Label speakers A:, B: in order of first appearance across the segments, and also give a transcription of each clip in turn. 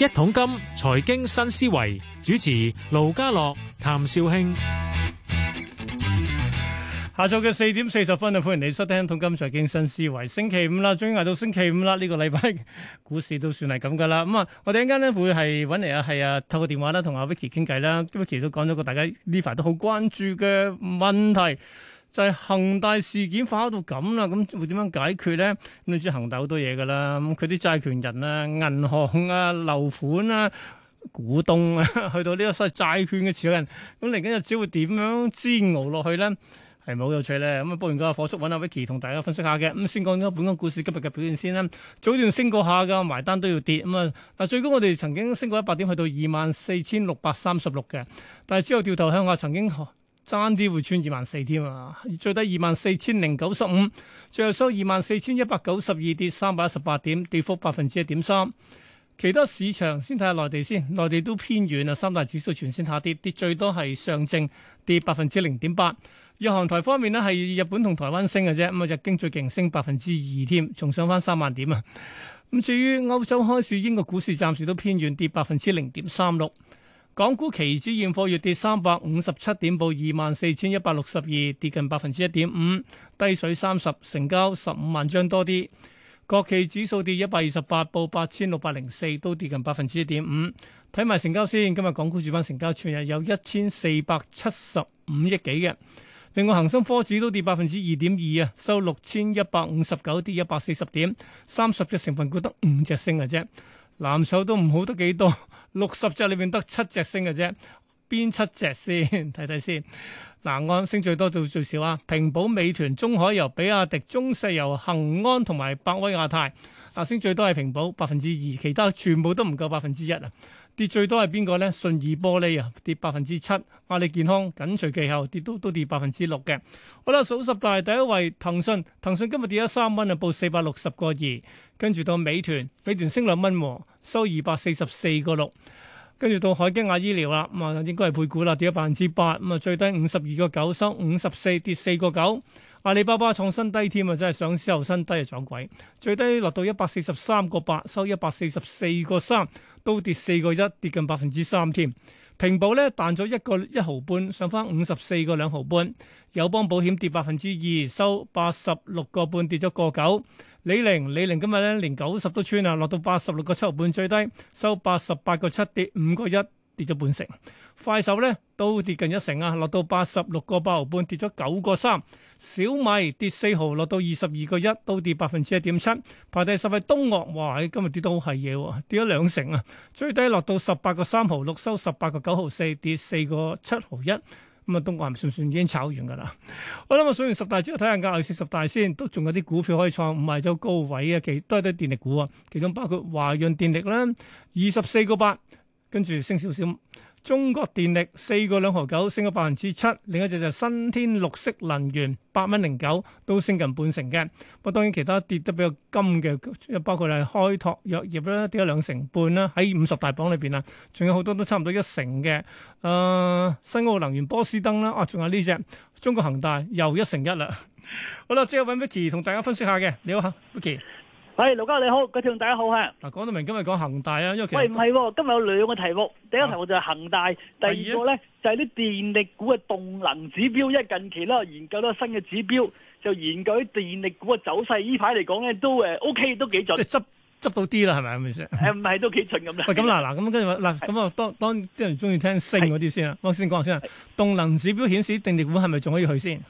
A: 一桶金財經新思維，主持盧家樂譚紹興，下晝嘅四點四十分啊，歡迎你收聽《一桶金財經新思維》。星期五啦，終於挨到星期五啦。呢、這個禮拜股市都算係咁噶啦。咁、嗯、啊，我哋一間咧會係揾嚟啊，係啊，透過電話啦，同阿 Vicky 傾偈啦。Vicky 都講咗個大家呢排都好關注嘅問題。就係恒大事件發酵到咁啦，咁會點樣解決咧？咁你知恒大好多嘢噶啦，咁佢啲債權人啊、銀行啊、樓盤啊、股東啊，去到呢個所謂債券嘅持有人，咁嚟緊日只會點樣煎熬落去咧？係咪好有趣咧？咁啊，播完個火速揾阿 Vicky 同大家分析下嘅。咁先講翻本港股市今日嘅表現先啦，早段升過下嘅，埋單都要跌咁啊。但最高我哋曾經升過一百點，去到二萬四千六百三十六嘅，但係之後掉頭向下，曾經。爭啲會穿二萬四添啊！最低二萬四千零九十五，最後收二萬四千一百九十二，跌三百一十八點，跌幅百分之一點三。其他市場先睇下內地先，內地都偏軟啊！三大指數全線下跌，跌最多係上證跌百分之零點八。日韓台方面呢，係日本同台灣升嘅啫。咁啊，日經最勁升百分之二添，仲上返三萬點啊！咁至於歐洲開市，英國股市暫時都偏軟，跌百分之零點三六。港股期指現貨月跌三百五十七點，報二萬四千一百六十二，跌近百分之一點五，低水三十，成交十五萬張多啲。國企指數跌一百二十八，報八千六百零四，都跌近百分之一點五。睇埋成交先，今日港股主板成交全日有一千四百七十五億幾嘅。另外恒生科指都跌百分之二點二啊，收六千一百五十九，跌一百四十點，三十隻成分股得五隻升嘅啫。藍籌都唔好得幾多，六十隻裡面只裏邊得七隻升嘅啫，邊七隻先睇睇先。南岸、啊、升最多到最少啊，平保、美團、中海油、比亞迪、中石油、恒安同埋百威亞太，啊升最多係平保，百分之二，其他全部都唔夠百分之一啊。跌最多係邊個咧？信義玻璃啊，跌百分之七。阿里健康緊隨其後，跌都都跌百分之六嘅。好、啊、啦，數十大第一位，騰訊，騰訊今日跌咗三蚊啊，報四百六十個二，跟住到美團，美團升兩蚊。收二百四十四個六，跟住到海吉亞醫療啦，咁啊應該係配股啦，跌咗百分之八，咁啊最低五十二個九，收五十四，跌四個九。阿里巴巴創新低添啊，真係上市後新低就撞鬼，最低落到一百四十三個八，收一百四十四個三，都跌四個一，跌近百分之三添。平保咧彈咗一個一毫半，上返五十四個兩毫半。友邦保險跌百分之二，收八十六個半，跌咗個九。李寧，李寧今日咧連九十都穿啊，落到八十六個七毫半最低，收八十八個七跌五個一，跌咗半成。快手咧都跌近一成啊，落到八十六個八毫半，跌咗九個三。小米跌四毫，落到二十二個一，都跌百分之一點七。排第十位東岳，哇，今日跌到好係嘢，跌咗兩成啊，最低落到十八個三毫六，收十八個九毫四，跌四個七毫一。咁啊，東亞唔算算已經炒完噶啦。我諗我數完十大之後，我睇下價，我食十大先，都仲有啲股票可以創唔係走高位啊，其都係啲電力股啊，其中包括華潤電力啦，二十四個八，跟住升少少。中國電力四個兩毫九，升咗百分之七，另一隻就新天綠色能源八蚊零九，都升近半成嘅。不過當然其他跌得比較勁嘅，包括係開拓藥業啦，跌咗兩成半啦，喺五十大榜裏邊啊，仲有好多都差唔多一成嘅，啊、呃、新奧能源波斯登啦，啊仲有呢、這、隻、個、中國恒大又一成一啦。好啦，即係搵 Bicky 同大家分析下嘅，你好啊，Bicky。
B: 係，盧家你好，各位聽眾大家好吓。嗱，講
A: 到明今日講恒大啊，因為其實喂唔
B: 係，今日有兩個題目，第一個題目就係恒大，啊、第二個咧就係啲電力股嘅動能指標，因為近期咧研究到新嘅指標，就研究啲電力股嘅走勢。呢排嚟講咧都誒，O K，都幾準。即係執
A: 執到啲啦，係咪咁意思？誒、嗯，
B: 唔係，都幾準咁啦、 欸。喂，
A: 咁嗱嗱，咁跟住嗱咁啊，當當啲人中意聽升嗰啲先啦。我是先講先，動能指標顯示電力股係咪仲可以去
B: 先？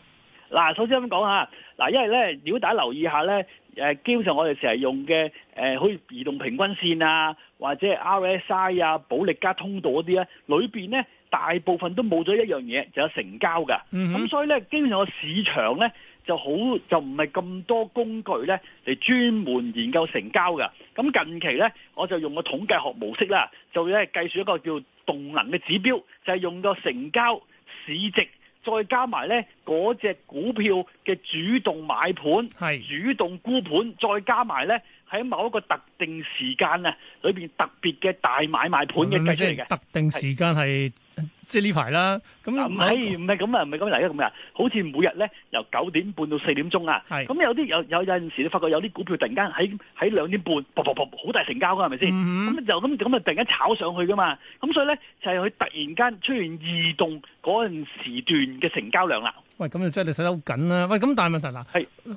B: 嗱，首先咁講下。嗱，因為咧，如果大家留意下咧。誒基本上我哋成日用嘅誒、呃，好似移動平均線啊，或者係 RSI 啊、保力加通道嗰啲咧，裏邊咧大部分都冇咗一樣嘢，就是、有成交噶。咁、嗯、哼所以咧，基本上個市場咧就好就唔係咁多工具咧嚟專門研究成交噶。咁近期咧，我就用個統計學模式啦，就咧計算一個叫動能嘅指標，就係、是、用個成交市值，再加埋呢嗰隻股票嘅主動買盤，係是主動沽盤，再加埋呢。喺某一個特定時間啊，裏邊特別嘅大買賣盤嘅計出嚟嘅。特定時間係即係呢排啦。咁唔係唔係咁啊，唔係咁嚟嘅咁嘅。好似每日咧由九點半到四點鐘啊。咁有啲有有有陣時你發覺有啲股票突然間喺喺兩點半，噗噗噗好大成交噶，係咪先？咁就咁咁啊，突然間炒上去噶嘛。咁所以咧就係佢突然間出現異動嗰陣時段嘅成交量啦。
A: 喂，咁就真係你睇得好緊啦。喂，咁但係問題嗱。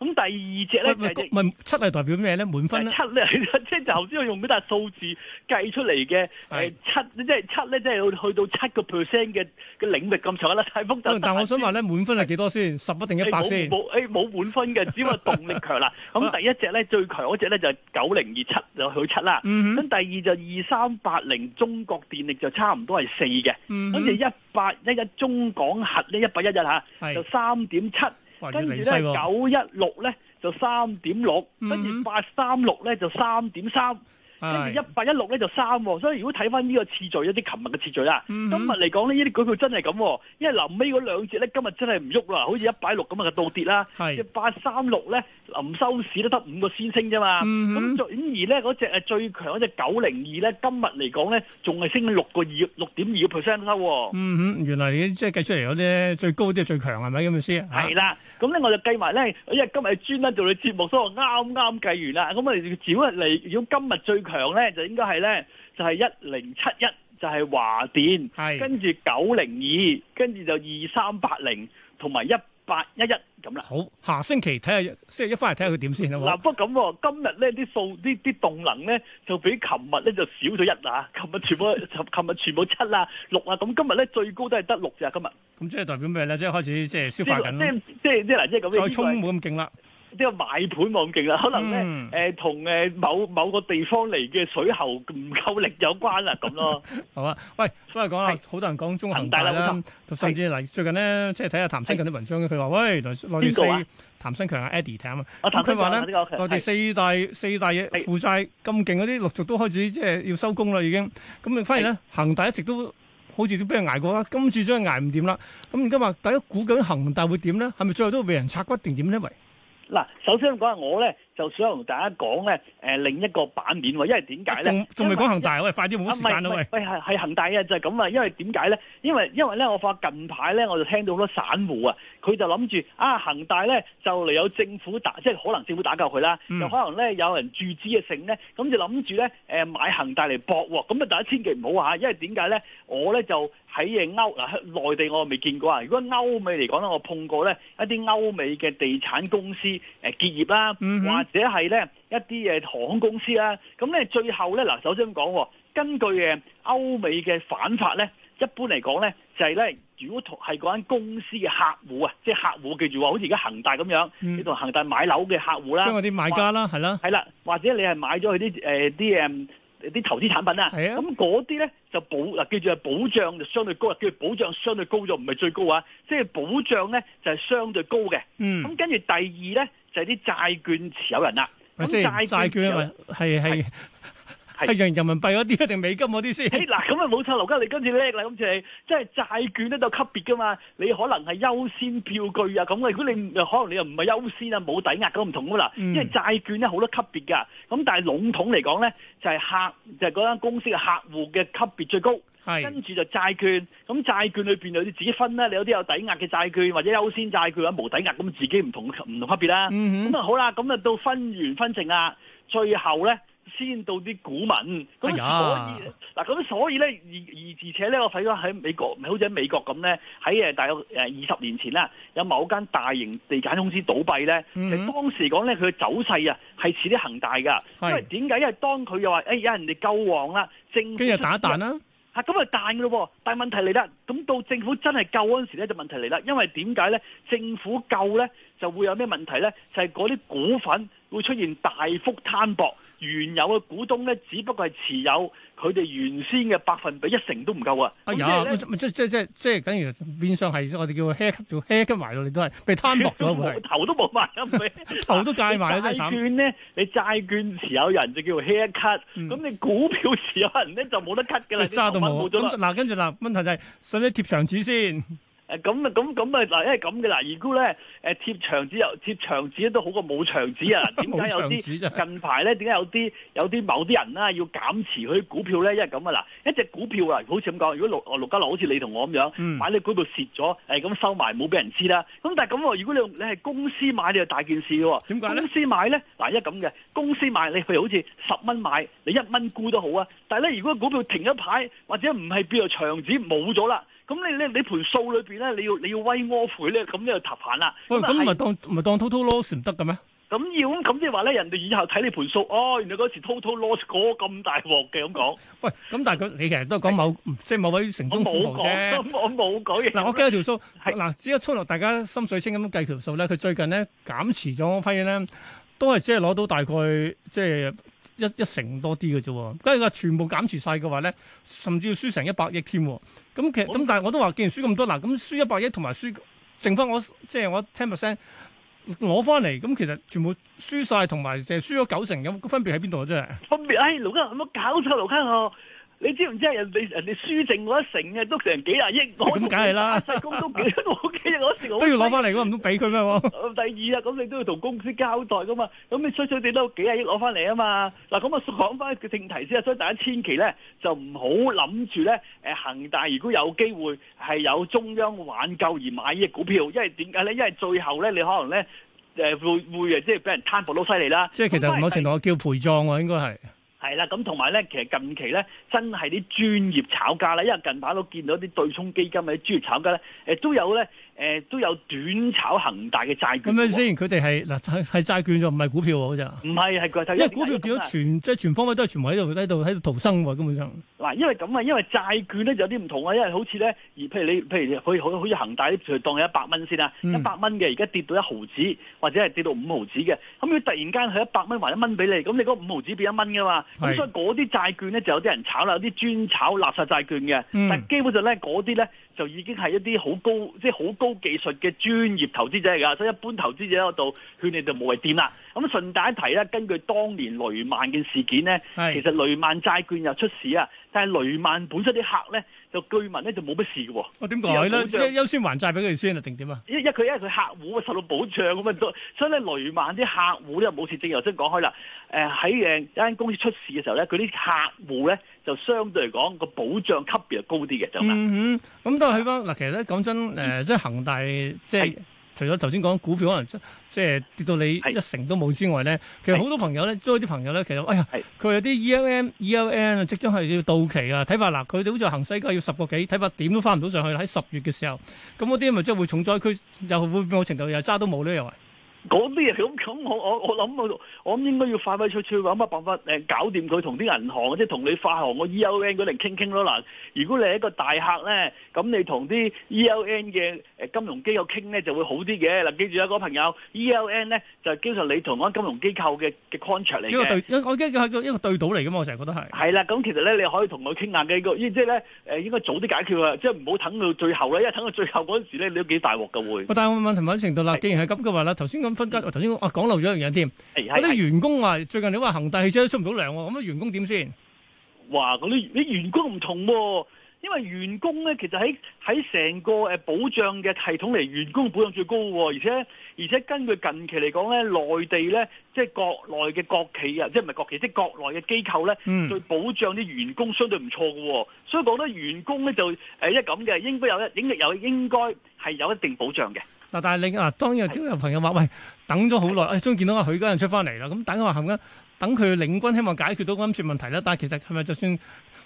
B: 咁第二隻咧，唔係
A: 七係代表咩咧？滿分七
B: 咧，即係頭先我用嗰笪數字計出嚟嘅，係七，即係七咧，即係去到七個 percent 嘅嘅領域咁長啦，係複雜。但係
A: 我想話咧，滿分係幾多先？十一定一百先。冇
B: 冇，冇滿分嘅，只不過動力強啦。咁第一隻咧最強嗰隻咧就係九零二七就去七啦。咁第二就二三八零中國電力就差唔多係四嘅。咁就一八一一中港核呢，一八一一嚇，就三點七。跟住咧，九一六咧就三點六，跟住八三六咧就三點三。一八一六咧就三，所以如果睇翻呢個次序，一啲琴日嘅次序啦。嗯、哼今日嚟講呢，呢啲股票真係咁，因為臨尾嗰兩隻咧，今日真係唔喐啦，好似一八一六咁啊就倒跌啦。一八三六咧，臨收市都得五個先升啫嘛。咁、嗯、哼而咧嗰隻誒最強嗰隻九零二咧，今日嚟講咧仲係升咗六個二六點二個 percent 收。哦、嗯
A: 哼，原來你即係計出嚟嗰啲最高啲係最強，係咪咁意思？
B: 係啦，咁咧我就計埋咧，因為今日係專登做你節目，所以我啱啱計完啦。咁我哋如果嚟，如果今日最強咧就應該係咧，就係一零七一，就係華電，係跟住九零二，跟住就二三八零，同埋一八一一咁啦。好，下星期睇下，星期一翻嚟睇下佢點先啦。嗱，不過咁喎，今日咧啲數，呢啲動能咧就比琴日咧就少咗一啊。琴日全部，琴琴日全部七啊六啊，咁今日咧最高都係得六隻。今日咁即係代表咩咧？
A: 即係開始即係消化緊咯。即即即嗱，即係咁。再衝
B: 冇咁勁啦！啲買盤冇咁勁啦，
A: 可能咧誒同誒某某個地方嚟嘅水喉唔夠力有關啦，咁咯，係嘛？喂，多人講啦，好多人講中恒大啦，甚至嚟最近咧，即係睇下譚新強啲文章，佢話喂，內內地四譚新強阿 Eddy 聽啊嘛，咁佢話咧內地四大四大負債咁勁嗰啲陸續都開始即係要收工啦，已經咁。反而咧恒大一直都好似都俾人捱過啦，今次將要捱唔掂啦。咁而家話大家估緊恒大會點咧？係咪最後都俾人拆骨定點咧？為？
B: 嗱，首先講下我咧。就想同大家講咧，誒另一個版面喎，因為點解咧？仲未講恒大為喂，快啲冇時間啦喂！喂，係係恒大啊，大就係咁啊！因為點解咧？因為因為咧，我發近排咧，我就聽到好多散戶啊，佢就諗住啊恒大咧就嚟有政府打，即係可能政府打救佢啦，就、嗯、可能咧有人注資嘅性咧，咁就諗住咧誒買恒大嚟搏喎，咁啊大家千祈唔好嚇，因為點解咧？我咧就喺嘅歐嗱，內地我未見過啊。如果歐美嚟講咧，我碰過咧一啲歐美嘅地產公司誒結業啦，或者係咧一啲嘢航空公司啦，咁咧最後咧嗱，首先講根據嘅歐美嘅反法咧，一般嚟講咧就係咧，如果同係嗰間公司嘅客戶啊，即係客戶，記住話，好似而家恒大咁樣，嗯、你同恒大買樓嘅客戶啦，即係啲買家啦，係啦，係啦，或者你係買咗佢啲誒啲誒啲投資產品啦，咁嗰啲咧就保嗱，記住係保障就相對高，跟住保障相對高就唔係最高啊，即係保障咧就係相對高嘅，咁跟住第二咧。就係啲債券持有人啦，咁債等債券啊，
A: 係係係用人民幣嗰啲定美金嗰啲先？嗱，咁
B: 啊冇錯，劉家，你今次叻啦，咁即係即係債券咧都有級別噶嘛，你可能係優先票據啊咁啊，如果你可能你又唔係優先啊，冇抵押咁唔同噶啦，嗯、因為債券咧好多級別噶，咁但係籠統嚟講咧就係、是、客就係嗰間公司嘅客戶嘅、就是、級別最高。跟住就債券，咁債券裏邊有啲自己分啦，你有啲有抵押嘅債券，或者優先債券或者無抵押咁自己唔同唔同級別啦。咁啊好啦，咁啊到分完分成啊，最後咧先到啲股民。咁所以嗱，咁所以咧而而而且咧，我睇到喺美國，好似喺美國咁咧，喺誒大約誒二十年前啦，有某間大型地產公司倒閉咧。其實當時講咧，佢嘅走勢啊，係似啲恒大㗎。因為點解？因為當佢又話誒，有人哋救亡啦，正跟住打彈啦。咁咪彈嘅咯喎，但、啊、問題嚟啦，咁到政府真係救嗰陣時咧，就問題嚟啦，因為點解咧？政府救咧，就會有咩問題咧？就係嗰啲股份會出現大幅攤薄。原有嘅股東咧，只不過係持有佢哋原先嘅百分比一成都唔夠啊、哎呀！即係
A: 咧，即即即即，等於變相係我哋叫做 hair
B: cut, hair cut 埋落嚟都係被攤薄咗， 頭都冇埋。得頭都債埋啦，債券咧，你債券持有人就叫做 hair cut，咁、嗯、你股票持有人咧就冇得 cut 㗎啦，揸到冇咗。嗱跟住嗱問題就係想啲貼牆紙先。誒咁啊，咁咁啊，嗱， 因為咁嘅啦，如果咧誒貼牆紙又貼牆紙都好過冇牆紙啊。點解有啲近排咧？點解有啲有啲某啲人啦要減持佢啲股票咧？因為咁啊，嗱，一隻股票啊，好似咁講，如果陸陸家樂好似你同我咁樣、嗯、買你股票蝕咗，誒、欸、咁收埋冇俾人知啦、啊。咁但係咁喎，如果你你係公司買，你就大件事喎、啊。點解公司買咧，嗱，因為咁嘅公司買你，譬如好似十蚊買你一蚊沽都好啊。但係咧，如果股票停一牌，或者唔係變為牆紙冇咗啦。咁你咧，你盤數裏邊咧，你要你要 write off 咧，咁你就踏板啦。喂，咁唔係
A: 當唔係當 totalloss 唔得嘅咩？
B: 咁要咁即係話咧，人哋以後睇你盤數，哦，原來嗰時 total loss 嗰咁大鑊嘅咁講。喂，咁但係佢
A: 你其實都係講某即係某位城中富豪啫。
B: 我冇講嘢。嗱，我計條數，嗱，而家
A: 出嚟大家心水清咁計條數咧，佢最近咧減持咗批咧，都係即係攞到大概即係。一一成多啲嘅啫，梗係話全部減持晒嘅話咧，甚至要輸成一百億添。咁、嗯、其實咁，但係我都話，既然輸咁多，嗱，咁輸一百億同埋輸剩翻我即係、就是、我 ten percent 攞翻嚟，咁、嗯、其實全部輸晒同埋淨係輸咗九成，咁、那個、分別喺邊度啊？真係
B: 分別，哎，盧嘉豪，有冇搞錯，盧嘉豪呵？你知唔知人哋人哋輸剩嗰一成啊，都成幾廿億，我咁梗係啦，公都幾，我記得嗰時我都要攞翻嚟，
A: 唔通俾佢咩？
B: 第二啊，咁你都要同公司交代噶嘛，咁你衰衰地都幾廿億攞翻嚟啊嘛，嗱咁啊講翻個正題先啊，所以大家千祈咧就唔好諗住咧，誒恒大如果有機會係有中央挽救而買呢隻股票，因為點解咧？因為最後咧你可能咧誒會會啊即係俾人攤薄到犀利啦，即係其實某程度我
A: 叫賠葬喎，應該係。
B: 係啦，咁同埋咧，其實近期咧，真係啲專業炒家啦，因為近排都見到啲對沖基金嘅啲專業炒家咧，誒都有咧。誒都有短炒恒大嘅債券，咁樣先，
A: 佢哋係嗱係係債券就唔係股票喎，好
B: 似。唔係係佢睇，因為股票見到全
A: 即係全方位都係全部喺度喺度逃生喎，根本上。
B: 嗱，因為咁啊，因為債券咧就有啲唔同啊，因為好似咧，而譬如你譬如佢好好似恒大，你譬如當係一百蚊先啊，一百蚊嘅而家跌到一毫子，或者係跌到五毫子嘅，咁佢突然間佢一百蚊還一蚊俾你，咁你嗰五毫子變一蚊噶嘛，咁所以嗰啲債券咧就有啲人炒啦，有啲專炒垃圾債券嘅，但基本上咧嗰啲咧。就已經係一啲好高即係好高技術嘅專業投資者嚟㗎。所以一般投資者喺度，佢哋就冇謂掂啦。咁順帶一提咧，根據當年雷曼嘅事件咧，是其實雷曼債券又出事啊，但係雷曼本身啲客咧，就據聞咧就冇乜事嘅喎。我點講咧？即係
A: 優先還債俾佢哋先啊，定點啊？
B: 一，一佢因為佢客戶受到保障咁啊，是所以咧雷曼啲客戶咧又冇事。正如真講開啦，誒喺誒一間公司出事嘅時候咧，佢啲客戶咧就相對嚟講個保障級別係高啲嘅，就咁
A: 啦、嗯嗯。嗯哼，咁都係咯。嗱，其實咧講真，誒、呃、即係恒大即係。除咗頭先講股票可能即係跌到你一成都冇之外咧，其實好多朋友咧，都啲朋友咧，其實哎呀，佢有啲 ELN，ELN 啊，即將係要到期啊，睇法嗱，佢哋好似行使價要十個幾睇法點都返唔到上去，喺十月嘅時候，咁嗰啲咪即係會重災區，又會某程度又揸都冇呢？又。
B: 嗰啲嘢咁，咁，我我我諗啊，我應該要快快脆脆，諗乜辦法誒搞掂佢同啲銀行，即係同你發行個 EON 嗰度傾傾咯嗱。如果你係一個大客咧，咁你同啲 EON 嘅誒金融機構傾咧就會好啲嘅嗱。記住啊，個朋友 EON 咧就基本上你同嗰金融機構嘅嘅 contract 嚟
A: 嘅，一個我一個一個對賭嚟㗎嘛，我成日覺得係。
B: 係啦，咁其實咧你可以同佢傾下嘅呢個，即係咧誒應該早啲解決啊，即係唔好等到最後啦，因為等到最後嗰陣時咧你都幾大鑊㗎會。
A: 我但係我問題問喺程度啦，既然係咁嘅話啦，頭先分家，我頭先講，啊講漏咗一樣嘢添。
B: 啲員工話最近你話恒大汽車都出唔到糧，咁啲員工點先？話嗰啲啲員工唔同喎，因為員工咧其實喺喺成個誒保障嘅系統嚟，員工保障最高嘅。而且而且根據近期嚟講咧，內地咧即係國內嘅國企啊，即係唔係國企，即係國內嘅機構咧，對保障啲員工相對唔錯嘅。嗯、所以講得員工咧就誒一係咁嘅，應該有一，應該有應該係有一定保障嘅。
A: 嗱，但係你嗱，當然有朋友話：喂，等咗好耐，誒，終於見到阿許家印出翻嚟啦。咁大家話係等佢領軍，希望解決到今次問題啦。但係其實係咪就算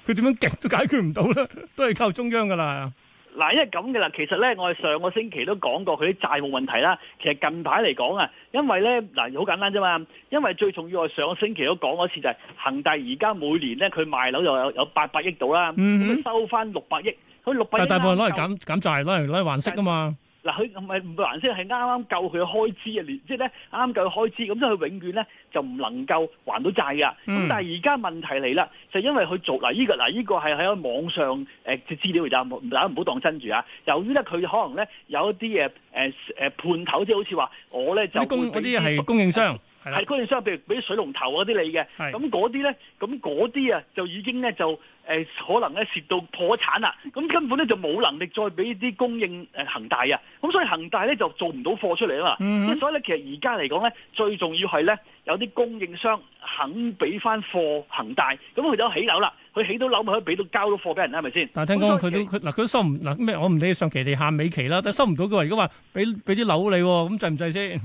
A: 佢點樣極都解決唔到咧，都係靠中央噶啦。
B: 嗱，因為咁嘅啦，其實咧，我哋上個星期都講過佢啲債務問題啦。其實近排嚟講啊，因為咧，嗱，好簡單啫嘛。因為最重要係上個星期都講嗰次就係，恒大而家每年咧佢賣樓又有有八百億度啦，咁、嗯、哼收翻六百億，佢六百大部分攞嚟減
A: 就減債，攞嚟攞嚟還息噶嘛。
B: 嗱，佢唔係唔還息，係啱啱夠佢開支啊！即係咧，啱夠佢開支，咁即係佢永遠咧就唔能夠還到債㗎。咁但係而家問題嚟啦，就因為佢做，嗱呢個，嗱呢個係喺網上誒嘅資料，但係唔好當真住啊。由於咧佢可能咧有一啲嘢誒誒判頭，即係好似話我咧就供啲係供應商。 係供應商譬如俾水龍頭嗰啲你嘅，咁嗰啲咧，咁嗰啲啊就已經咧就誒可能咧蝕到破產啦，咁根本咧就冇能力再俾啲供應誒恒大啊，咁所以恒大咧就做唔到貨出嚟啊嘛，咁、嗯、哼所以咧其實而家嚟講咧最重要係咧有啲供應商肯俾翻貨恒大，咁佢就起樓啦，佢起到樓咪可以俾到交到貨俾人啦，係咪先？但係聽講
A: 佢都佢嗱佢收唔嗱咩？我唔理上期地下尾期啦，但收唔到嘅話而家話俾俾啲樓你，咁制唔制先？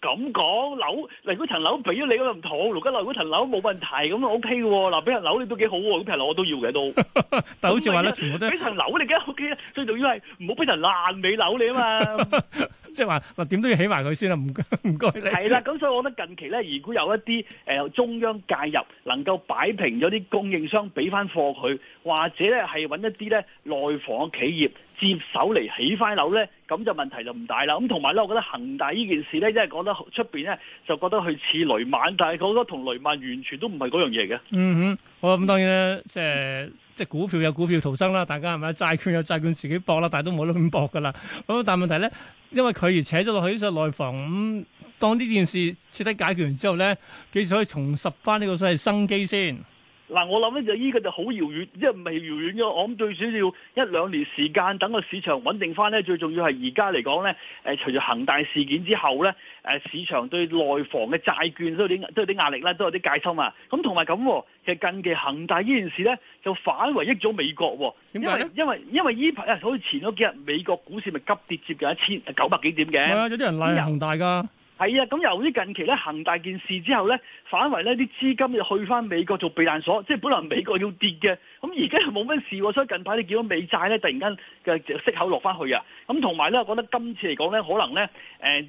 B: 咁講樓，嗱如果層樓俾咗你嗰度唔妥，蘆柑樓嗰層樓冇問題，咁啊 OK 嘅喎，嗱俾層樓你都幾好喎，嗰片樓我都要嘅都。但係好似話咧，全部都係俾層樓你梗係 OK，最重要係唔好俾層爛尾樓你啊嘛。
A: 即係話，話點都要起埋佢先啦，唔唔
B: 該你。係啦，咁所以我覺得近期咧，如果有一啲誒、呃、中央介入，能夠擺平咗啲供應商俾翻貨佢，或者咧係揾一啲咧內房企業接手嚟，起翻樓咧，咁就問題就唔大啦。咁同埋咧，我覺得恒大呢件事咧，因為講得出邊咧就覺得佢似雷曼，但係覺得同雷曼完全都唔係嗰樣嘢嘅。
A: 嗯哼，好，咁，當然咧，即係即係股票有股票逃生啦，大家係咪？債券有債券自己搏啦，但係都冇得咁搏噶啦。咁但係問題咧。因為佢而扯咗落去呢晒內房，咁、嗯，當呢件事徹底解決完之後咧，幾時可以重拾翻呢個所謂生機先？
B: 嗱，我諗咧就依個就好遙遠，即係未遙遠嘅，我諗最少要一兩年時間等個市場穩定翻咧。最重要係而家嚟講咧，誒、呃，隨住恒大事件之後咧，誒、呃，市場對內房嘅債券都有啲都有啲壓力啦，都有啲戒心啊。咁同埋咁，其實近期恒大呢件事咧，就反為益咗美國，因為，為呢因為因為依排啊，好似前嗰幾日美國股市咪急跌接近一千九百幾點嘅，係啊，有
A: 啲人賴恒大㗎。嗯。
B: 係啊，咁由於近期咧恒大件事之後咧，反為咧啲資金又去翻美國做避難所，即係本來美國要跌嘅。咁而家係冇咩事喎，所以近排你見到美債咧，突然間嘅息口落翻去啊！咁同埋咧，我覺得今次嚟講咧，可能咧，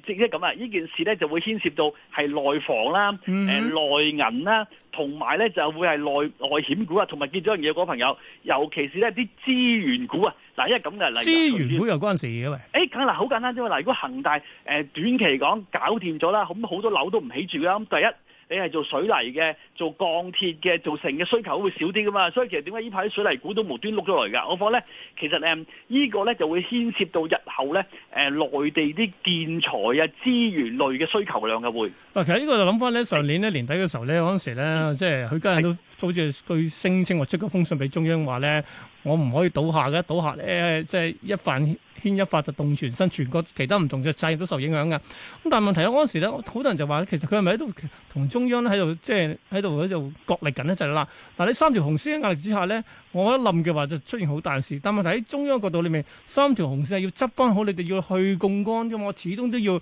B: 誒即係咁啊，呢件事咧就會牽涉到係內房啦，誒、嗯哼呃、內銀啦，同埋咧就會係內內險股啊，同埋見咗樣嘢嗰個朋友，尤其是咧啲資源股、資源股啊，嗱、欸，因為咁嘅，例如資
A: 源股又關事嘅喂，
B: 誒梗嗱，好簡單啫嘛，嗱，如果恒大誒、呃、短期嚟講搞掂咗啦，咁好多樓都唔起住啦，咁第一。你係做水泥嘅、做鋼鐵嘅、做成嘅需求會少啲噶嘛，所以其實點解呢排啲水泥股都無端碌咗嚟㗎？我覺咧，其實誒呢個咧就會牽涉到日後咧誒內地啲建材啊資源類嘅需求量嘅會。
A: 嗱，其實呢個就諗翻咧，上年咧年底嘅時候咧，嗰陣時咧，即係許家印都好似佢聲稱話出個封信俾中央話咧，我唔可以倒下嘅，倒下誒，即係一犯牽一髮就動全身，全國其他唔同嘅產業都受影響嘅。咁但係問題喺嗰陣時咧，好多人就話其實佢係咪喺度同中央喺度，即係喺度喺度角力緊一陣啦。嗱、就是，呢三條紅線嘅壓力之下咧，我一冧嘅話就出現好大事。但係問題喺中央角度裏面，三條紅線係要執翻好，你哋要去槓桿嘅嘛，因為我始終都要。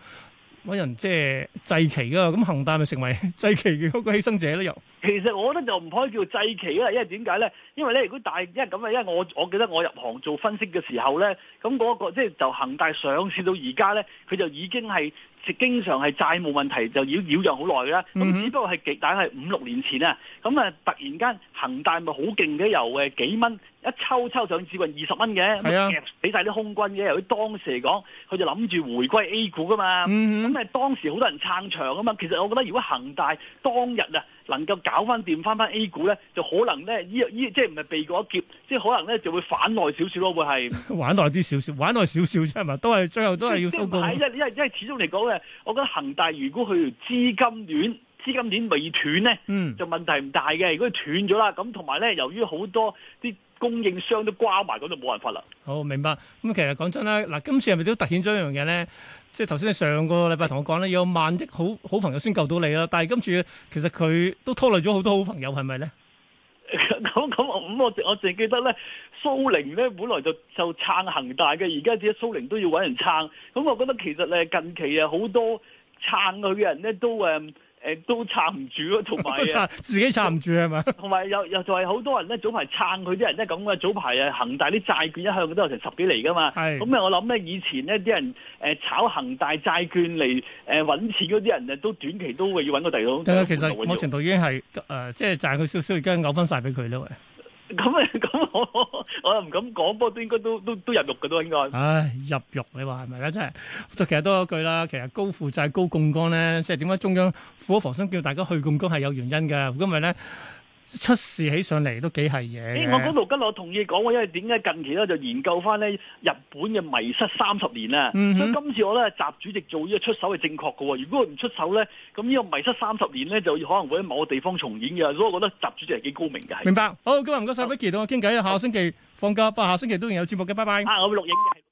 A: 搵人即係祭旗啊！咁恒大咪成為祭旗嗰個犧牲者咯又。
B: 其實我覺得就唔可以叫祭旗啊，因為點解咧？因為咧，如果大，因為咁啊，因為我我記得我入行做分析嘅時候咧，咁嗰個即係由恒大上市到而家咧，佢就已經係。經常係債務問題就要擾攘好耐啦，咁、嗯、哼只不過係大概係五六年前啊，咁啊突然間恒大咪好勁嘅，由誒幾蚊一抽抽上至運二十蚊嘅，俾晒啲空軍嘅，由於當時嚟講，佢就諗住回歸 A 股噶嘛，咁啊、嗯、哼當時好多人撐場啊嘛，其實我覺得如果恒大當日啊。能夠搞翻掂翻翻 A 股咧，就可能咧依依即係唔係避過一劫，即係可能咧就會玩耐少少咯，會係
A: 玩耐啲少少，玩耐少少啫嘛，都係最後都係要收個。因為因
B: 為因為始終嚟講嘅，我覺得恒大如果佢資金鏈資金鏈未斷咧，嗯，就問題唔大嘅。如果斷咗啦，咁同埋咧，由於好多啲供應商都瓜埋，咁就冇辦法啦。
A: 好明白。咁其實講真啦，嗱，今次係咪都突顯咗一樣嘢咧？即係頭先你上個禮拜同我講咧，有萬億好好朋友先救到你啦。但係今次其實佢都拖累咗好多好朋友，係咪咧？
B: 咁咁咁，我我我淨記得咧，蘇寧咧，本來就就撐恒大嘅，而家點解蘇寧都要揾人撐？咁、嗯、我覺得其實誒近期啊，好多撐佢嘅人咧都誒。誒都撐唔住咯，同埋 自己撐唔住係咪？同埋又又就係好多人咧，早排撐佢啲人咧，咁啊，早排啊，恒大啲債券一向都有成十幾厘噶嘛。係咁啊，我諗咧，以前咧啲人誒炒恒大債券嚟誒揾錢嗰啲人啊，都短期都會要揾個地佬。其實,其實某程
A: 度已經係誒，即、呃、係賺佢少少，而家嘔翻晒俾佢咯。喂
B: 咁啊，咁 我我又唔敢講，不過都應該都都都入獄嘅都應該。唉、 哎，
A: 入獄你話係咪咧？真係，就其實多一句啦。其實高負債高槓桿咧，即係點解中央苦口婆心叫大家去槓桿係有原因嘅，因為咧。出事起上嚟都幾係嘢，誒、欸,我嗰度
B: 跟我同意講喎，因為點解近期咧，就研究翻咧日本嘅迷失三十年啊,嗯、哼所以今次我咧習主席做呢個出手係正確嘅，如果佢唔出手咧，咁呢個迷失三十年咧就可能會喺某個地方重演嘅，所以我覺得習主席係幾高明嘅。明白，
A: 好、哦,今日唔該晒 Vicky 同我傾偈啊，下個星期放假，不過下星期都仍有節目嘅，拜拜。啊,我會
B: 錄影嘅。